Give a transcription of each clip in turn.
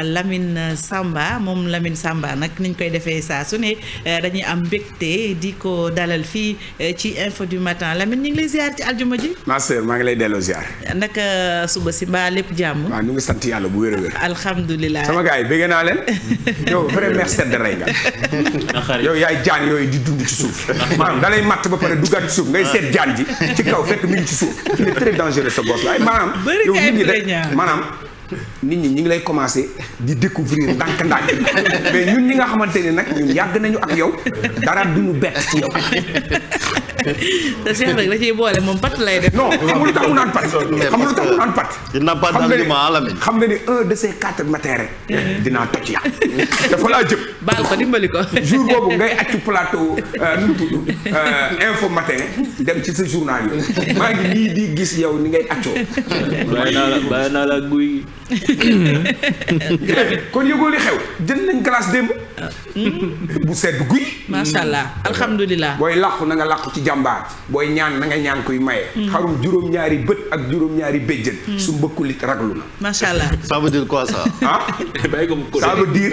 Lamine Samba moom Lamine Samba nag niñ koy defee saa su ne eh, dañuy am mbégte di ko dalal fii eh, ci info du matin Lamine ñu ngi lay ziar ci aljuma ji. ma sœur maa ngi lay delloo ziar. naka eh, suba si mbaa lépp jàmm. waaw ñu ngi sant yàlla bu wér a wér. alhamdulilah sama gars yi naa leen. yow vrai mère sedd rey nga. yow yaay jaan yooyu di dund ci suuf. maanaam da lay matt ba pare duggaat ci suuf ngay seet jaan ji ci kaw fekk mi ngi ci suuf il est très dangereux sa boss nit ñi ñi ngi lay commencé di découvrir ndànk-ndànk mais ñun ñi nga xamante ni nag ñun yàgg nañu ak yow dara duñu bett ci yow te Cheikh rek da ciy boole moom pat lay def. non xam lu tax mu naan pat. xam lu tax mu naan pat. il n'a pas d'argument xam ne ni un eh, de ces quatre matières. dinaa toj ya dafa laa jëm. baal ko dimbali ko. jour boobu ngay accu plateau info matin dem ci sa journal yi maa ngi nii di gis yow ni ngay accoo. bàyyi naa la bàyyi naa la guy. kon yëgoo li xew jënd nañ glace démb. bu sedd guy. macha allah alhamdulilah. booy làqu na làqu ci njàmbaar booy ñaan na nga ñaan kuy maye. Hmm. xarum juróom-ñaari bët ak juróom-ñaari béjjën. Hmm. su mbëkkulit raglu na. macha allah ça veut dire quoi ça. ah bàyyi ko mu ko ça veut dire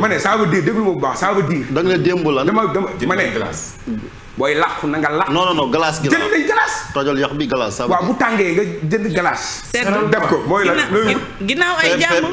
ma ne ça veut dire déglu ma bu baax ça veut dire. da nga ne démb lan dama dama ma ne. booy làqu na nga làqu. non non non glace gi la jënd glace. tojol yax bi glace. waaw bu tàngee nga jënd glace. seetlu def ko mooy la loolu. ginnaaw ay jàmm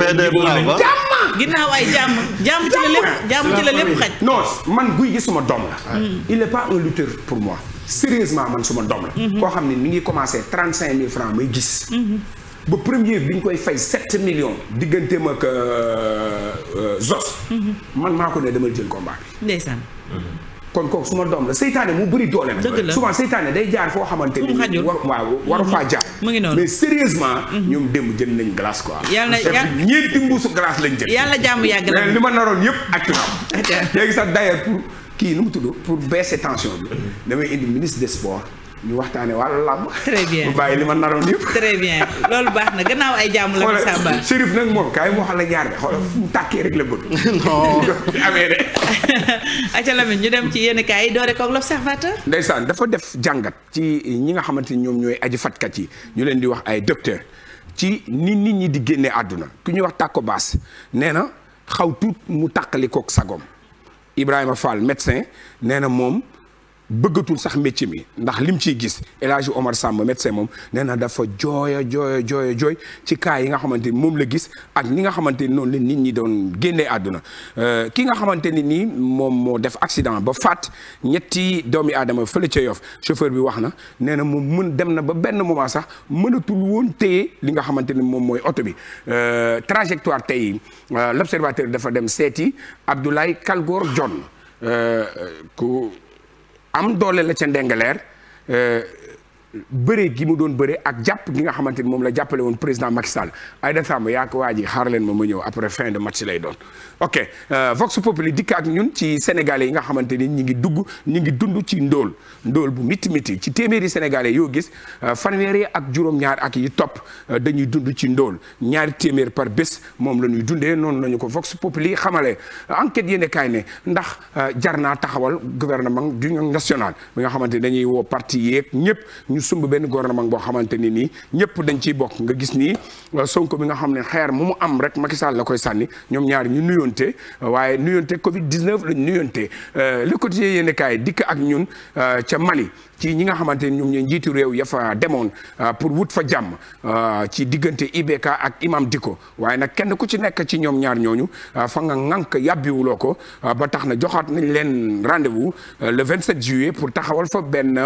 jàmm. ginnaaw ay jàmm jàmm ci la lépp jàmm ci la lépp xaj. non man guy gi suma doom la. Hmm. il n'est pas un lutteur pour moi. sérieusement man suma doom la. Mhm. koo xam ne mi ngi commencé trente cinq mille francs may gis. Mhm. ba premier bi ñu koy fay sept millions digganteem ak euh, euh, Zos. Mhm. man maa ko ne dama jël combat bi. ndeysaan. kon kooku suma doom la seytaane mu bëri doole na souvent seytaane day jaar foo xamante ni war waaw waru faa jaar mu ngi noonu mais sérieusement ñoom démb jënd nañ glace quoi yàlla ñeenti mbuusu glace lañ jël yàlla jàmm yàgg la li ma naroon yëpp ak kii nu mu tudd pour baisser tension bi damay indi ministre des sports ñu waxtaanee wàllu la très bien bàyyi li ma naroon yëpp. très bien loolu baax na gannaaw ay jàmm la. Moussa kaay moo xam la jaar de xoolal mu tàkkee rek la bëgg. non amee de. Aca Lamine ñu dem ci yenn kaay yi doore koog l'observateur. ndeysaan dafa def jàngat ci ñi nga xamante ni ñoom ñooy aji fajkat yi ñu leen di wax ay docteur ci ni nit ñi di génnee àdduna ku ñuy wax tàkko baas nee na xaw tuut mu takkali kook sagom. Ibrahima Fall médecin nee na moom bëggatul sax métier mi ndax lim ciy gis El Hadji Omar Samb médecin moom nee na dafa jooya jooya jooya jooy ci cas yi nga xamante ni moom la gis ak ni nga xamante ni noonu la nit ñi doon génnee àdduna euh, ki nga xamante ni nii moom moo def accident ba faat ñetti doomi aadama fële ca Yoff chauffeur bi wax na nee na moom mën dem na ba benn moment sax mënatul woon téye li nga xamante ni moom mooy oto bi euh, trajectoire tey euh, l'observateur dafa dem seeti Abdoulaye Kalgoor John ku am doole la ca Ndingler euh, bëre gi mu doon bëre ak jàpp gi nga xamante ni moom la jàppale woon président Macky Sall Aïda Samb yaa ko leen ma ma ñëw après fin de match lay doon ok euh, dikk ak ñun ci sénégalais yi nga xamante ni ñi ngi dugg ñi ngi dund ci ndóol ndóol bu miti miti ci téeméeri sénégalais yoo gis euh, fanweeri ak juróom-ñaar ak yi topp euh, dañuy dund ci ndóol ñaari téeméer par bés moom la ñuy dundee noonu la ñu ko Vox Populi xamale enquête yéen kaay ne ndax jar naa taxawal gouvernement du national bi nga xamante ni dañuy woo parti yeeg ñëpp sumb benn gouvernement boo xamante ni nii ñëpp dañ ciy bokk nga gis nii euh, Sonko bi nga xam ne xeer mu mu am rek Macky Sall la koy sànni ñoom ñaar ñu nuyonte euh, waaye nuyonte Covid 19 lañ nuyonte euh, le quotidien yéen kaay dikk ak ñun ca Mali ci ñi nga xamante ni ñoom ñooy njiitu réew ya fa demoon pour wut fa jàmm ci diggante IBK ak Imam Dicko waaye nag kenn ku ci nekk ci ñoom ñaar ñooñu fa nga ŋànk yàbbiwuloo ko ba tax na joxaat nañ leen rendez-vous le 27 juillet pour taxawal fa benn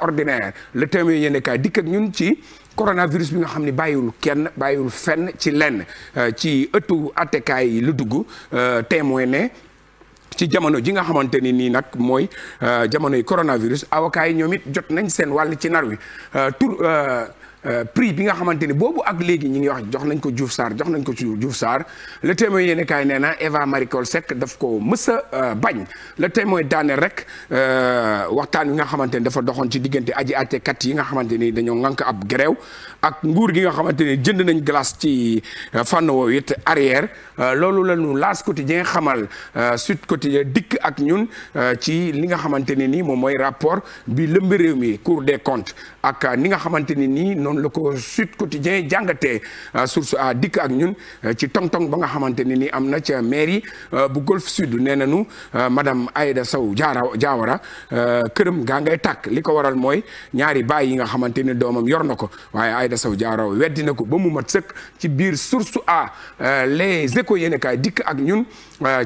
extraordinaire le témoin yi kaay dikk ak ñun ci coronavirus bi nga xam ni bàyyiwul kenn bàyyiwul fenn ci lenn euh, ci ëttu attekaay yi lu dugg euh, témoin ne ci jamono ji nga xamante ni nii nag mooy euh, jamono yi coronavirus avocats yi ñoom it jot nañ seen wàll ci nar wi tur Euh, prix bi nga xamante ni boobu ak léegi ñi ngi wax jox nañ ko Diouf Sarr jox nañ ko Diouf Sarr le témoin yéen kaay nee na Eva Marie Coll Seck daf ko mës a euh, bañ le témoin daane rek euh, waxtaan wi nga xamante ni dafa doxoon ci diggante aji àttekat yi nga xamante ni dañoo ŋànk ab grève ak nguur gi nga xamante ni jënd nañ glace ci fànn woowu it arrière loolu la ñu laas quotidien xamal Sud Quotidien dikk ak ñun ci li nga xamante ne ni moom mooy rapport bi lëmb réew mi Cour des comptes ak ni nga xamante nii noonu la ko Sud Quotidien jàngatee euh, source a dikk ak ñun euh, ci tong-tong ba nga xamante ni ni am na ca mairie euh, bu Golf Sud nee nañu madame Aïda Sow Diawara këram gaa ngay tàkk li ko waral mooy ñaari baay yi nga xamante ni doomam yor na ko waaye Aïda saw Diawara weddi na ko ba mu mat sëk ci biir source a les échos yéen kaay dikk ak ñun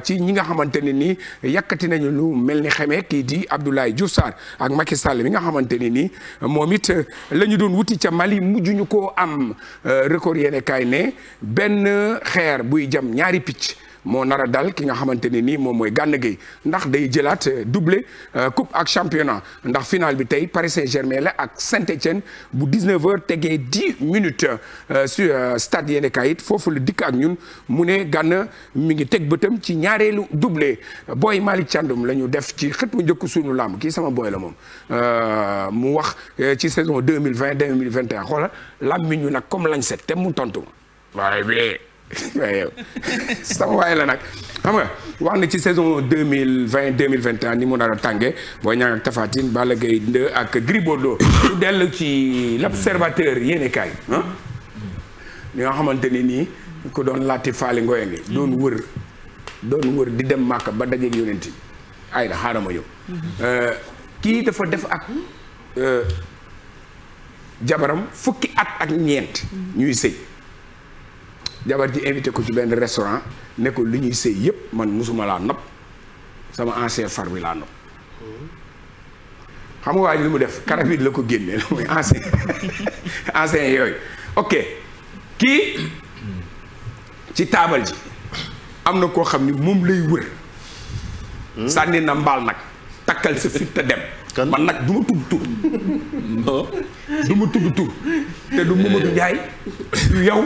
ci ñi nga xamante ne nii yàkkati nañu lu mel ni xamee kii di Abdoulaye Diouf ak Macky Sall mi nga xamante ni moom it la ñu wuti ca Mali Mali mujjuñu ko am euh, record yéene kaay ne benn xeer buy jam ñaari picc moo nar a dal ki nga xamante ne nii moom mooy Gana Gueye ndax day jëlaat euh, doublé euh, coupe ak championnat ndax final bi tey Paris Saint-Germain la ak Saint-Étienne bu 19h tegee 10 minutes euh, su stade yéen kayit foofu la dikk ak ñun mu ne gànn mi ngi teg bëtam ci ñaareelu doublé booy Malick Thiandoum la ñu def ci xëpp mu njëkk suñu làmb kii sama booy la moom mu wax ci saison 2020 2021 xoolal làmb mi ñu nag comme lañ set te mu tontu waaye sama waay la nag xam nga wax na ci saison deux mille vingt deux mille vingt ant un ni mu nar a tàngee Boy Niang ak Tapha Tine Balla ak Gris Bordeaux su dellu ci l'observateur yéene kaay ah? li nga xamante ni nii ku doon laati faali ngoye ngi doon wër doon wër di dem màkk ba dajeeg yonent bi ay da xaaral ma ñëw euh, kii dafa def ak euh, jabaram fukki at ak ñeent ñuy sëy jabar ji invité ko ci benn restaurant ne ko li ñuy sëy yëpp man mosuma laa nopp sama ancien far bi laa nopp xam nga waa lu mu def karabit la ko génnee la muy ancien ancien yooyu ok kii ci taabal ji am na koo xam ni moom lay wër sànni na mbaal nag takkal sa fit te dem man nag du ma tudd tur du ma tur te du Mamadou Ndiaye du yow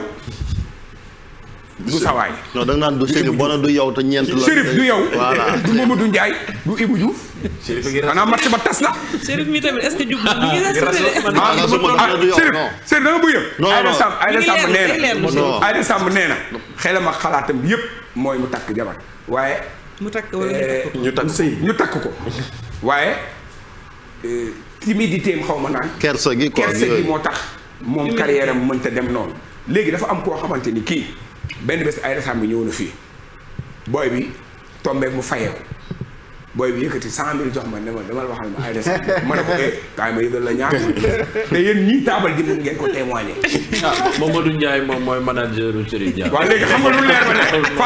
du sawaay. non da nga naan du Chérif du yow te ñeent la. du yow. voilà du Mamadou du Ibou Diouf. Chérif ngi ba tas na. Chérif mi tamit est-ce que jub na. mi ngi rafetlu da nga bëgg yëpp. non Aïda Samb Aïda Samb na Aïda Samb nee na xelam ak xalaatam yëpp mooy mu takk jabar waaye. mu takk wala ñu takk eh, ko ñu takk ko waaye eh, timidité am xaw ma naan. kersa gi quoi gi moo tax moom carrière am mënta dem noonu léegi dafa am koo xamante ni kii benn bés ay resam bi ñëw na fii booy bi tombeek mu fayeeku booy bi yëkkati cent mille jox ma ne ma demal waxal ma Aida Samb ma ne ko eh ma yëgal la ñaata te yéen ñii taabal ji mun ngeen ko témoigner. ah Mamadou Ndiaye moom mooy manager Serigne Dia. waaw léegi xam nga lu lay wër.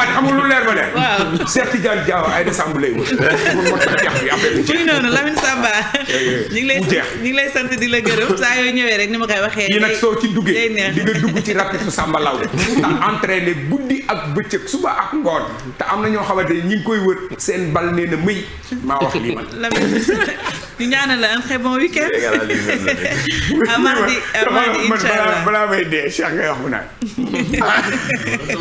pour mot a jeex bi affaire bi. muy noonu Lamine Samba. Eh, eh, ñu ngi lay ñu ngi lay sant di la gërëm saa yoo ñëwee rek ni ma koy waxee. kii nag soo ci duggee di dugg ci rapitu Samba Law ndax entraîné guddi ak bëccëg suba ak ngoon te am na ñoo xamante ni ñi ngi koy wër seen bal nee na mëy maa wax lii man ñu ñaanal la un très bon week-end mardi mardi inchallah balaa may dee Cheikh ngay wax bu naan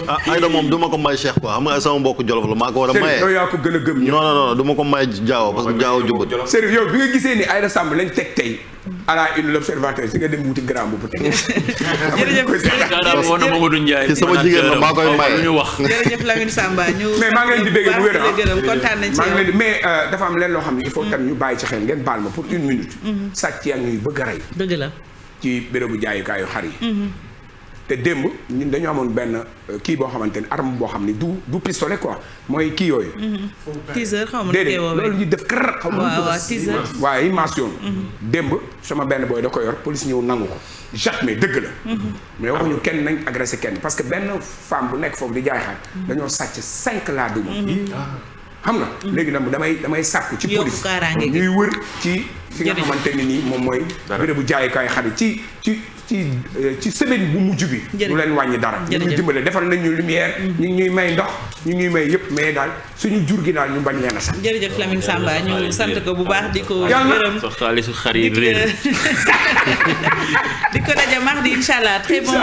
ah, Aïda moom du ma ko may Cheikh quoi xam nga sama mbokk Jolof la maa ko war a maye yow ko gën a gëm non ma ko may Jaaw parce que Jaaw jubut Serif yow bi nga gisee ni Aïda Samb lañ teg tey à la une l'observateur si nga dem wuti grand bu teg. jërëjëf jërëjëf sama jigéen la maa koy maye ñu wax. jërëjëf Lamine Samba ñu. mais maa ngi leen di bëgg bu wér ah. kontaan nañ ci maa ngi leen di mais euh, dafa am leen loo xam ne il faut tam ñu bàyyi ci xel ngeen baal ma pour une minute. Mhm. sàcc yaa ngi ñuy bëgg a rey. dëgg la. ci bérébu jaayukaayu xar yi. Mhm. te démb ñun dañu amoon benn euh, kii boo xamante ni arme boo xam ni du du pistolet quoi mooy kii yooyu. Mm-hmm. teaser xaw ma déedéet loolu ñu def kër xaw ma. waaw waaw mm-hmm. démb sama benn booy da ko yor police ñëw nangu ko jàpp mais dëgg la. Mm-hmm. mais waxuñu kenn nañ agressé kenn parce que benn femme bu nekk foofu di jaay xaar. dañoo sàcc cinq laa duma. Ah. xam nga léegi nag damay damay sàkku ci police ñuy wër ci fi nga xamante ni nii moom mooy. dara bérébu jaayukaay xar yi ci ci. ci euh, ci semaine bu mujj bi. lu leen wàññi dara. ñu ngi dimbale defal nañ mm-hmm. ñu lumière. ñu ngi ñuy may ndox ñu ngi ñuy may yëpp mais daal suñu jur gi daal ñu bañ leen a sax. jërëjëf Lamine Samba ñu sant ko bu baax di ko. gërëm sa xaalisu xar yi réer di ko daje mardi incha allah très bon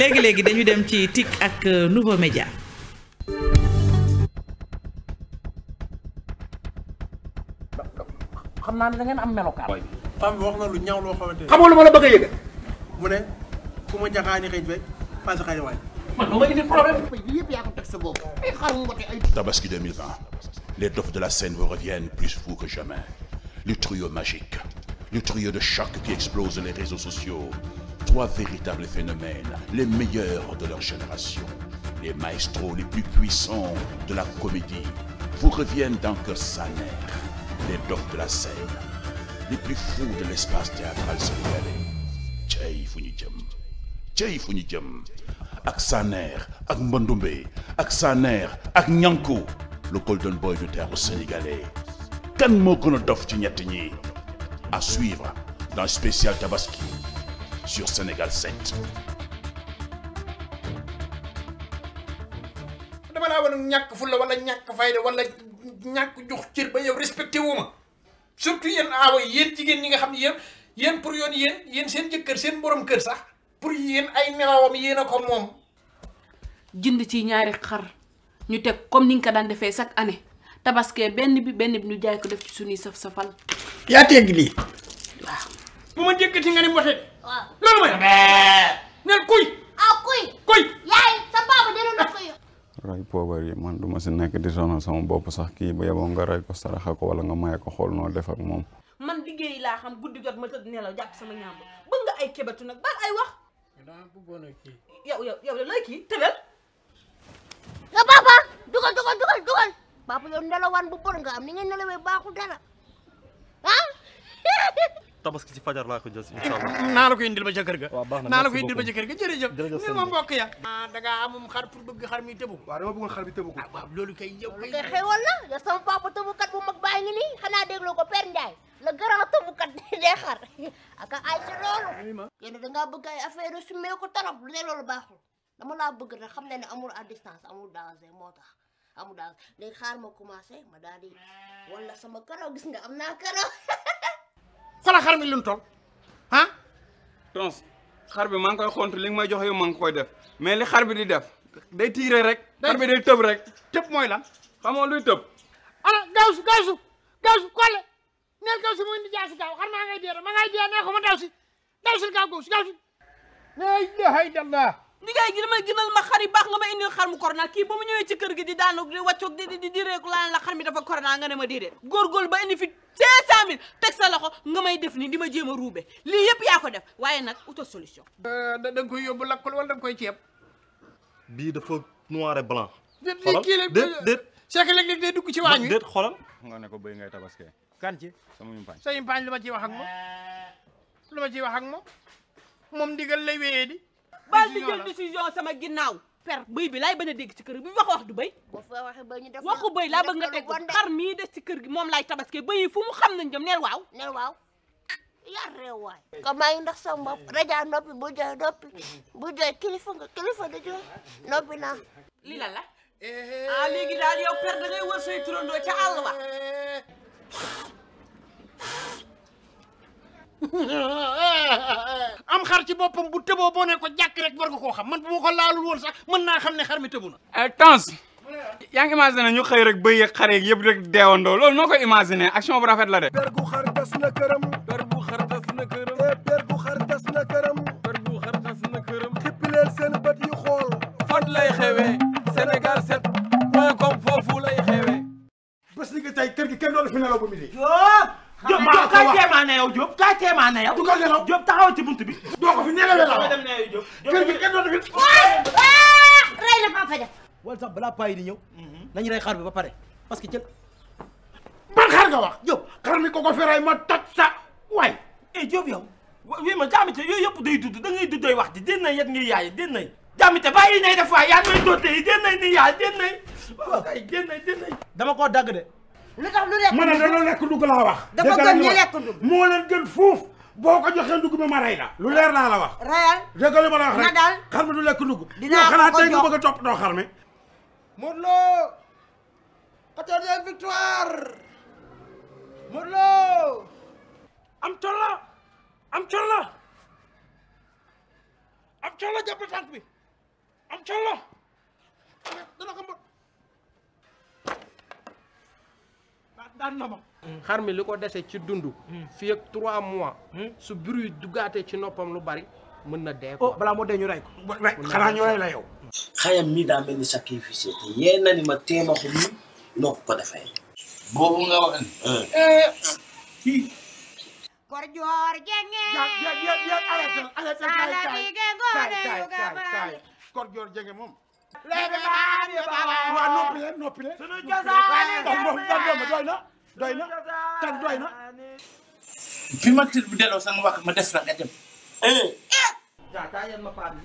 léegi léegi dañu dem ci TIC ak euh, Nouveau Média. naa ne da am melokaan. femme wax na lu ñaaw loo xamante ne. xamoo lu ma la bëgg a mu ne fu ma jaxaani xëy be paase xëy waay. man doo les dofs de la scène vous reviennent plus fous que jamais le trio magique le trio de choc qui explose les réseaux sociaux trois véritables phénomènes les meilleurs de leur génération les maestros les plus puissants de la comédie vous reviennent dans Kër Saner les dofs de la scène. les plus fous de l'espace théâtral sénégalais cey fu ñu jëm cey fu ñu jëm ak Saner ak Mbondoumbe ak Saner ak Ñanku le golden boy du théâtre sénégalais kan moo gën a dof ci ñett ñi à suivre dans spécial Tabaski sur Sénégal 7 dama laa wan ñàkk fulla wala ñàkk fayda wala ñàkk jox cër ba yow respecté surtout yéen aawa yéen jigéen ñi nga xam ne yéen yéen pour yoon yéen yéen seen jëkkër seen borom kër sax pour yéen ay nelawam yéen a ko moom. jënd ci ñaari xar ñu teg comme ni nga ko daan defee chaque année tabaske benn bi benn bi ñu jaay ko def ci suñuy saf safal. yaa tegg lii. waaw. bu ma jëkkati nga ni mbote. waaw loolu mooy. poobar yi man du ma si nekk di sonal sama bopp sax kii ba yeboo nga ko saraxa ko wala nga maye ko xool noo def ak moom man liggéey laa xam guddi jot ma tëdd nelaw jàpp sama ñaam bëgg nga nga am ni nga nelawee baaxul dara ah tabaski ci fajar laa ko jël inshallah naa la ko indil ba ca kër ga naa la ko indil ba ca kër ga jërëjëf ni ma mbokk ya ah, da ngaa amum xar pour bëgg xar mi tëbu ko ah, waaw loolu kay yow kay xewal la yow sama papa tëbukat bu mag baa ngi nii xanaa dégloo ko Père Ndiaye le grand tëbukat dee xar aka ay ci loolu yéen da ngaa bëgg ay affaire ko tarab lu ne loolu baaxul dama laa bëgg rek xam ne ne distance amul danger moo tax amul danger léegi xaar ma commencé ma daal di wala sama karaw gis nga am xoolal xar mi lu mu toll ah. tons xar bi maa ngi koy xontu li may jox yow maa ngi koy def mais li xar bi di def day tiire rek. xar bi day tëb rek. tëb mooy lan. xamoo luy tëb. ala gawsu gawsu gawsu kolle neel gawsu mu indi jaasi gaaw xar maa ngay dee ma ngay dee nee ko ma daw si daw si gaaw gawsu gawsu la ilaha illallah di ngay gi dama gënal ma xar yi baax nga ma indil xar mu corona kii ba mu ñëwee ci kër gi di daanu di wàccoog di di di réeku laa la nga ne ma déedéet góorgóorlu ba indi fi cinq cent mille teg loxo nga may def nii di ma jéem a ruube lii yëpp yaa ko def waaye nag auto solution euh, da koy yóbbu lakkul wala da nga koy ceeb bii dafa noir et blanc kii déet euh, déet Cheikh léeg-léeg day dugg ci waañ wi déet xoolal nga ne ko bëy ngay tabaskee kan ci sama yumpaañ sa yumpaañ lu ma ciy wax ak moom lu ma ciy baal di jël décision sama ginnaaw. per bay bi laay bañ a dégg ci kër gi bu wax wax du bëy. waxu bëy laa bëgg nga teg xar mii des ci kër gi moom laay tabaske bëy yi fu mu xam nañ jëm neel waaw. neel waaw yar réew waay. comme maa ngi ndax sama bopp rajo noppi bu jooy noppi bu jooy kilifa nga kilifa da jooy noppi naa. lii la la. ah léegi daal yow per da ngay wër say turandoo ca àll am xar ci boppam bu tëboo boo ne ko jàkk rek war nga koo xam man bu ma ko laalul woon sax mën naa xam ne xar mi tëbu na eh, temps yaa ngi imaginer ñu xëy rek bëy yeeg xar yeeg yëpp rek deewandoo loolu noo ko imaginer action bu rafet la de ber gu xar tas na këram ber xar tas na këram ber eh, gu xar tas na këram ber xool fan lay xewee Sénégal 7 point com foofu lay xewee bés kër gi kenn doolu fi nelaw bu Diop maa ko wax ma na yow Diop ci buntu bi. doo ko fi nelawee la dem na yi di ñëw. Mhm. nañu rey xar bi ba pare parce que jël. ban xar nga wax. ko ko ma toj sa waay. eh Diop yow. wi ma jaamite yooyu yëpp day dudd da ngay duddee wax ji den na yet ngi yaay def waay yaa dama koo dagg de. lu lekk dugub ma la lu lekk dugub laa wax. dafa gën ñu lekk dugub moo leen gën fuuf boo ko joxee dugub bi ma rey lu leer laa la wax. reyal dëgg li ma la wax rek na daal xar mi du lekk dugub. dinaa ko ko jox yow xanaa tey nga bëgg a toppatoo xar mi. Modou Lo quatorzième victoire Modou Lo am col la am col am col la jàpp tànk bi am col la dana ko daan na ma. xar mi li ko dese ci dund. Hmm. fii ak trois mois. Hmm. su bruit duggaatee ci noppam lu bari mën na dee ko. oh balaa moo dee ñu rey ko. xanaa ñu rey la yow. xayam mi daa mel ni sacrifice te yee na ni ma téema ko noo ko defee. boobu nga wax eh. kor joor jenge. ja ja ja arrêté arrêté kaay kaay kaay kor joor jenge moom. waaw noppi leen noppi leen ndax moom tan doy na doy na doy na tan doy na fi ma tir bi delloo sama wax ma des la nga dem eh! ja taa yeen ma paar bi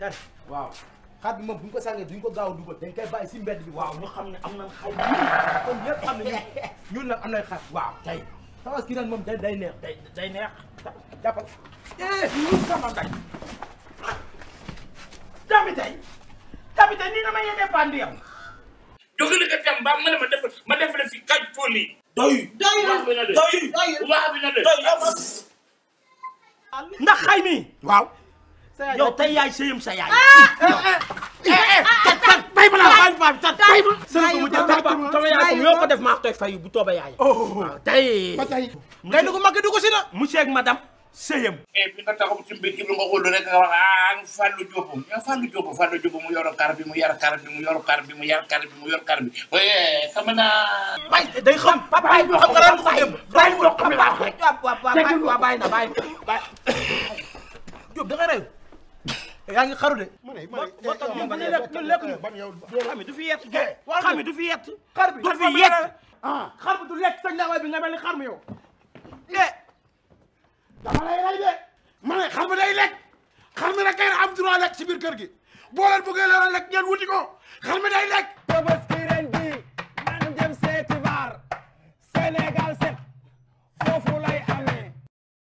tan waaw xaat bi bu ñu ko sàngee duñ ko gaaw dugal dañ koy bàyyi si mbedd bi waaw ñu xam ne am nañ xay kon ñëpp xam ne ñun ñun am nañ xaat waaw tey tabaski ren moom day day neex day day neex jàppal ñu eh, sama day jàmmi tey capitaine nii damay yéegee paan di yow. dogali nga dem ba ma ne ma def ma def la fi kañ tool doy doyul doyul doyul waaw bi na de ndax xay mi. waaw. yow tey yaay sëyam sa yaay. bay ma laa bay ma tat bay ma. sëñ bi mu jël tàmba sama yaay ko yoo ko def maa tooy fayu bu tooba yaay. waaw tey. tey du ko mag du ko si na. monsieur ak madame. sëyam mais eh, bi nga taxaw ci mbir ci bi nga xool rek nga wax ah Fallou Diop ñoo Fallou Diop Fallou Diop mu yor kar bi mu yar kar bi mu yor kar bi mu yar kar bi mu yor kar bi waaye xam na bàyyi bàyyi Diop da yaa ngi xaru de ma ne ma ne lekk eh, ñu eh, ban yow du fi yett xam ne du fi yett xar bi du fi yett ah xar bi du lekk sañ la way bi nga mel ni xar mi yow dama lay rey de ma ne xar mi day lekk xar mi rek kay am droit lekk ci biir kër gi boo leen bëggee loola lekk ngeen wuti ko xar mi day lekk. Tabaski ren gi man dem seeti baar Sénégal.